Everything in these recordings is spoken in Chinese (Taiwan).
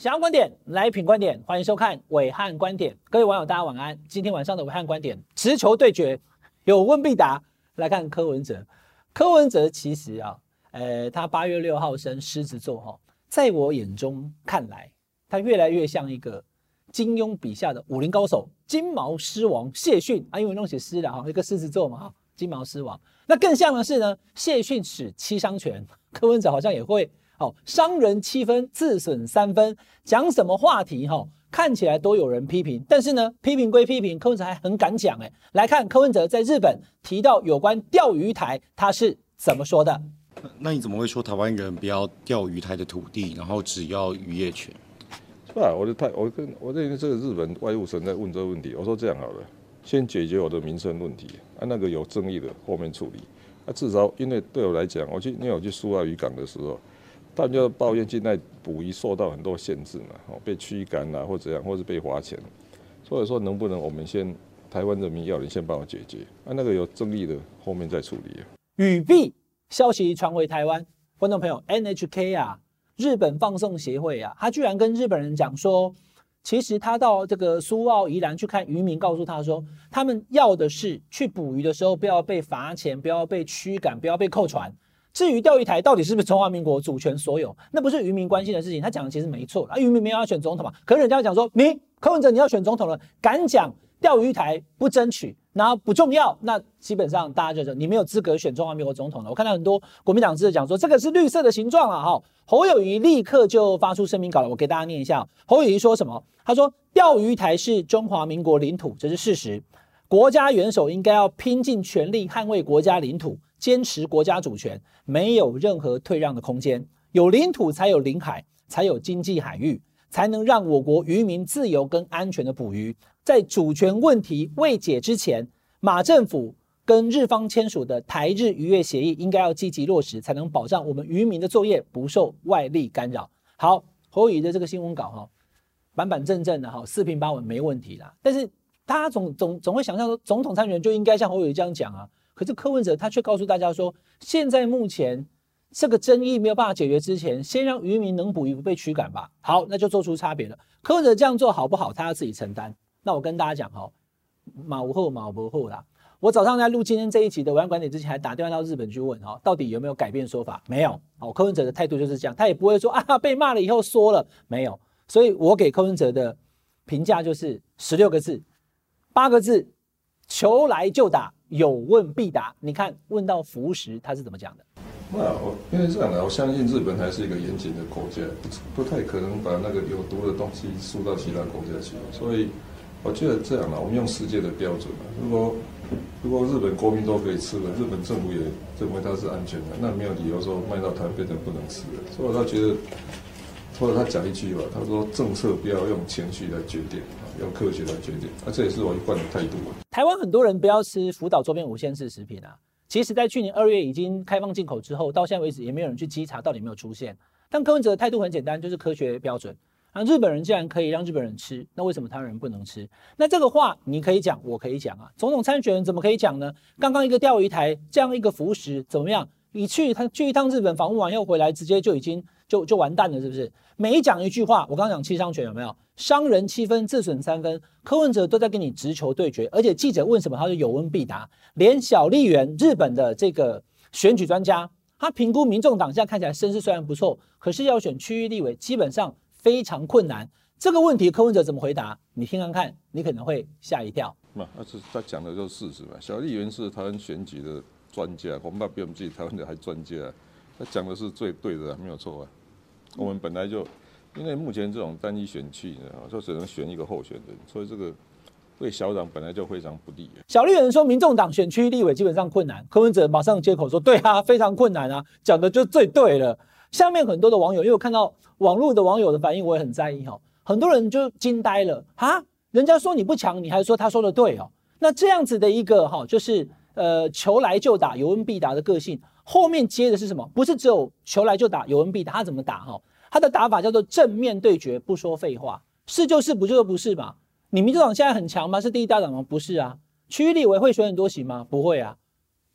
想要觀點來品觀點，歡迎收看暐瀚觀點。各位網友，大家晚安。今天晚上的暐瀚觀點，持球對決，有問必答。來看柯文哲，柯文哲其實啊，呃，他八月六號生，獅子座哈、哦。在我眼中看來，他越來越像一個金庸筆下的武林高手，金毛獅王謝遜啊，因為弄中寫獅的哈，一個獅子座嘛哈，金毛獅王。那更像的是呢，謝遜使七傷拳，柯文哲好像也會。好，哦、傷人七分，自損三分。講什麼話題？哈、哦，看起來都有人批評。但是呢，批評歸批評，柯文哲還很敢講。哎，來看柯文哲在日本提到有關釣魚台，他是怎麼說的？那，那你怎麼會說台灣人不要釣魚台的土地，然後只要漁業權？是啊，我就太我跟我在跟這個日本外務省在問這個問題。我說這樣好了，先解決我的民生問題，啊，那個有爭議的後面處理，啊。至少因為對我來講，我去因為我去蘇澳漁港的時候，他們就抱怨現在捕魚受到很多限制嘛，哦，被驅趕啦或怎樣，或是被罰錢。所以說，能不能我們先台灣人民要你先幫我解決，啊，那個有爭議的後面再處理啊。語畢，消息傳回台灣，觀眾朋友，NHK 啊，日本放送協會啊，他居然跟日本人講說，其實他到這個蘇澳宜蘭去看漁民，告訴他說，他們要的是去捕魚的時候不要被罰錢，不要被驅趕，不要被扣船。至於釣魚台到底是不是中華民國主權所有，那不是漁民關心的事情。他講的其實沒錯啊，漁民沒有要選總統嘛。可是人家講說，你柯文哲你要選總統了，敢講釣魚台不爭取，然後不重要。那基本上大家就覺得你沒有資格選中華民國總統了。我看到很多國民黨支持者講說，這個是綠色的形狀啊。」吼，侯友宜立刻就發出聲明稿了，我給大家念一下。侯友宜說什麼？他說釣魚台是中華民國領土，這是事實。國家元首應該要拼盡全力捍衛國家領土。堅持國家主權，沒有任何退讓的空間。有領土，才有領海，才有經濟海域，才能讓我國漁民自由跟安全的捕魚。在主權問題未解之前，馬政府跟日方簽署的台日漁業協議應該要積極落實，才能保障我們漁民的作業不受外力干擾。好，侯友宜的這個新聞稿哈、哦，板板正正的哈、哦，四平八穩，沒問題啦。但是大家總總總會想象說，總統參選人就應該像侯友宜這樣講啊。可是柯文哲他卻告訴大家說，現在目前這個爭議沒有辦法解決之前，先讓漁民能捕魚不被驅趕吧。好，那就做出差別了，柯文哲這樣做好不好？他要自己承擔。那我跟大家講哈，馬無後馬伯後啦。我早上在錄今天這一集的《暐瀚觀點》之前，還打電話到日本去問哈、哦，到底有沒有改變說法？沒有。哦，柯文哲的態度就是這樣，他也不會說啊被罵了以後說了沒有。所以我給柯文哲的評價就是十六個字，八個字，球來就打。有問必答，你看問到福食時他是怎麼講的？那我因為這樣啦，我相信日本還是一個嚴謹的國家不，不太可能把那個有毒的東西輸到其他國家去。所以我覺得這樣啦，我們用世界的標準，如果如果日本國民都可以吃了，日本政府也認為它是安全的，那沒有理由說賣到台灣變成不能吃的。所以他覺得，或者他講一句話，他說政策不要用情緒來決定。用科學來決定，那、啊、這也是我一貫的態度、啊、台灣很多人不要吃福島周邊無限制食品啊。其實，在去年二月已經開放進口之後，到現在為止也沒有人去稽查到底有沒有出現。但柯文哲的態度很簡單，就是科學標準啊。日本人既然可以讓日本人吃，那為什麼台灣人不能吃？那這個話你可以講，我可以講啊。總統參選人怎麼可以講呢？剛剛一個釣魚台這樣一個福食，怎麼樣？你去他去一趟日本訪問完又回來，直接就已經。就就完蛋了，是不是？每講一,一句話，我剛剛講七傷拳有沒有？傷人七分，自損三分。柯文哲都在跟你直球對決，而且記者問什麼，他就有問必答。連小笠原日本的這個選舉專家，他評估民眾黨現在看起來聲勢雖然不錯，可是要選區域立委，基本上非常困難。這個問題柯文哲怎麼回答？你聽看看，你可能會嚇一跳。那是、啊、他講的就是事實嘛。小笠原是台灣選舉的專家，恐怕比我們自己台灣的還專家、啊。他講的是最對的、啊，沒有錯啊。我們本來就，因為目前這種單一選區，你知道就只能選一個候選人，所以這個對小黨本來就非常不利、欸。小綠人說，民眾黨選區立委基本上困難。柯文哲馬上接口說：“對啊，非常困難啊，講的就最對了。”下面很多的網友，因為我看到網絡的網友的反應，我也很在意哈、哦。很多人就驚呆了哈、啊，人家說你不強，你還說他說的對哦？那這樣子的一個哈，就是。呃，求來就打，有問必答的個性，後面接的是什麼？不是只有求來就打，有問必答，他怎麼打、哦？哈，他的打法叫做正面對決，不說廢話，是就是，不就是不是嘛？你民眾黨現在很強嗎？是第一大黨嗎？不是啊。區域立委會選很多席嗎？不會啊。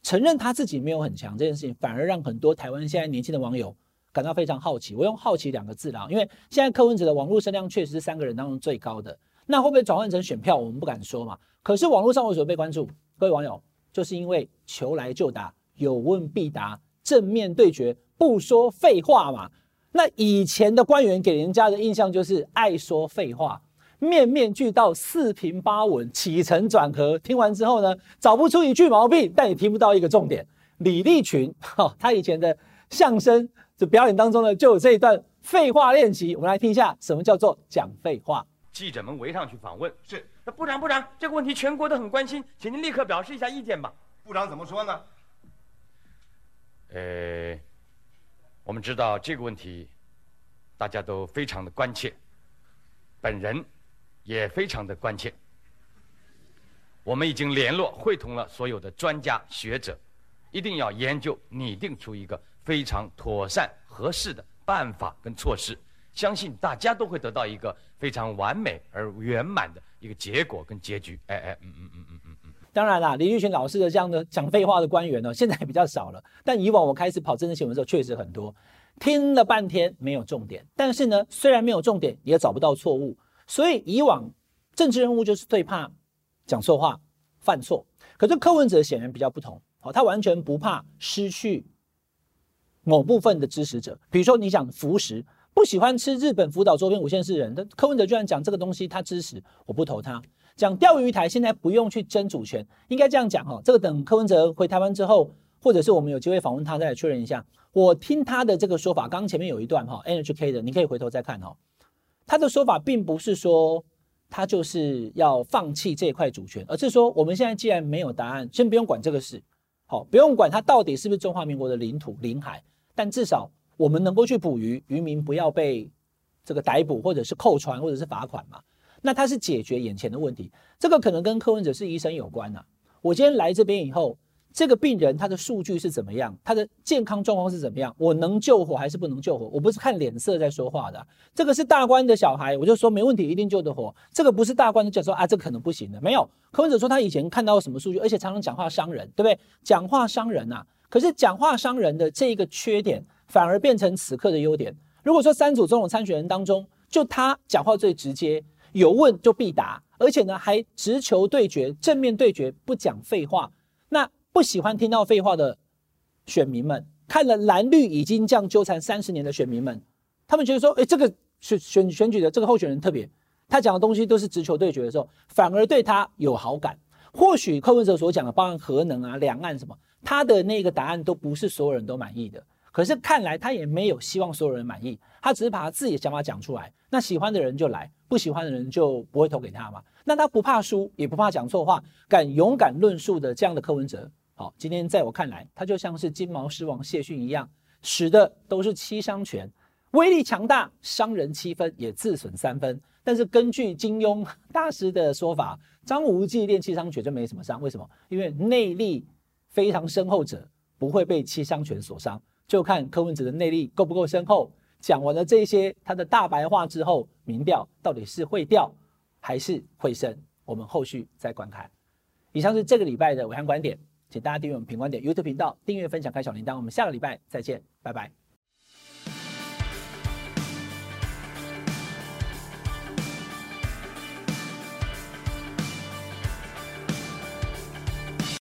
承認他自己沒有很強這件事情，反而讓很多台灣現在年輕的網友感到非常好奇。我用好奇兩個字啦，因為現在柯文哲的網絡聲量確實是三個人當中最高的，那會不會轉換成選票？我們不敢說嘛。可是網絡上為什麼被關注？各位網友。就是因為球來就打，有問必答，正面對決，不說廢話嘛。那以前的官員給人家的印象就是愛說廢話，面面俱到，四平八穩，起承轉合。聽完之後呢，找不出一句毛病，但也聽不到一個重點。李立群哈、哦，他以前的相聲的表演當中呢，就有這一段廢話練習。我們來聽一下，什麼叫做講廢話？記者們圍上去訪問，是。部長，部長，這個問題全國，都很關心，請您立刻表示一下意見吧。部長怎麼說呢？呃，我們知道這個問題大家都非常的關切，本人也非常的關切。我們已經聯絡會同了所有的專家學者，一定要研究擬定出一個非常妥善合適的辦法跟措施，相信大家都會得到一個非常完美而圓滿的。一個結果跟結局，哎哎，嗯嗯嗯嗯嗯嗯。嗯，當然啦，李立群老師的這樣的講廢話的官員呢、哦，現在比較少了。但以往我開始跑政治新聞的時候，確實很多，聽了半天沒有重點。但是呢，雖然沒有重點，也找不到錯誤。所以以往政治人物就是最怕講錯話、犯錯。可是柯文哲顯然比較不同，好、哦，他完全不怕失去某部分的支持者，比如說你講福食。不喜歡吃日本福島周邊五縣市的人，柯文哲居然講這個東西，他支持我不投他。講釣魚台現在不用去爭主權，應該這樣講哈，這個等柯文哲回台灣之後，或者是我們有機會訪問他再來確認一下。我聽他的這個說法，剛，剛前面有一段哈 NHK 的你可以回頭再看哈，他的說法並不是說他就是要放棄這塊主權，而是說我們現在既然沒有答案，先不用管這個事好，不用管它到底是不是中華民國的領土領海，但至少。我們能夠去捕魚，漁民不要被這個逮捕，或者是扣船，或者是罰款嘛？那他是解決眼前的問題。這個可能跟柯文哲是醫生有關吶、啊。我今天來這邊以後，這個病人他的數據是怎麼樣？他的健康狀況是怎麼樣？我能救活還是不能救活？我不是看臉色在說話的。這個是大官的小孩，我就說沒問題，一定救得活。這個不是大官的講說啊，這個、可能不行的。沒有柯文哲說他以前看到什麼數據，而且常常講話傷人，對不對？講話傷人啊！可是講話傷人的這一個缺點。反而變成此刻的優點。如果說三組總統參選人當中，就他講話最直接，有問就必答，而且呢還直球對決，正面對決，不講廢話。那不喜歡聽到廢話的選民們，看了藍綠已經這樣糾纏三十年的選民們，他們覺得說，哎、欸，這個選選選舉的這個候選人特別，他講的東西都是直球對決的時候，反而對他有好感。或許柯文哲所講的包含核能啊、兩岸什麼，他的那個答案都不是所有人都滿意的。可是看來他也沒有希望所有人滿意，他只是把他自己的想法講出來。那喜歡的人就來，不喜歡的人就不會投給他嘛。那他不怕輸，也不怕講錯話，敢勇敢論述的這樣的柯文哲，好，今天在我看來，他就像是金毛獅王謝遜一樣，使的都是七傷拳，威力強大，傷人七分也自損三分。但是根據金庸大師的說法，張無忌練七傷拳就沒什麼傷，為什麼？因為內力非常深厚者不會被七傷拳所傷。就看柯文哲的內力夠不夠深厚。講完了這些，他的大白話之後，民調到底是會掉還是會升？我們後續再觀看。以上是這個禮拜的暐瀚觀點，請大家訂閱我們品觀點 YouTube 頻道，訂閱、分享、開小鈴鐺。我們下個禮拜再見，拜拜。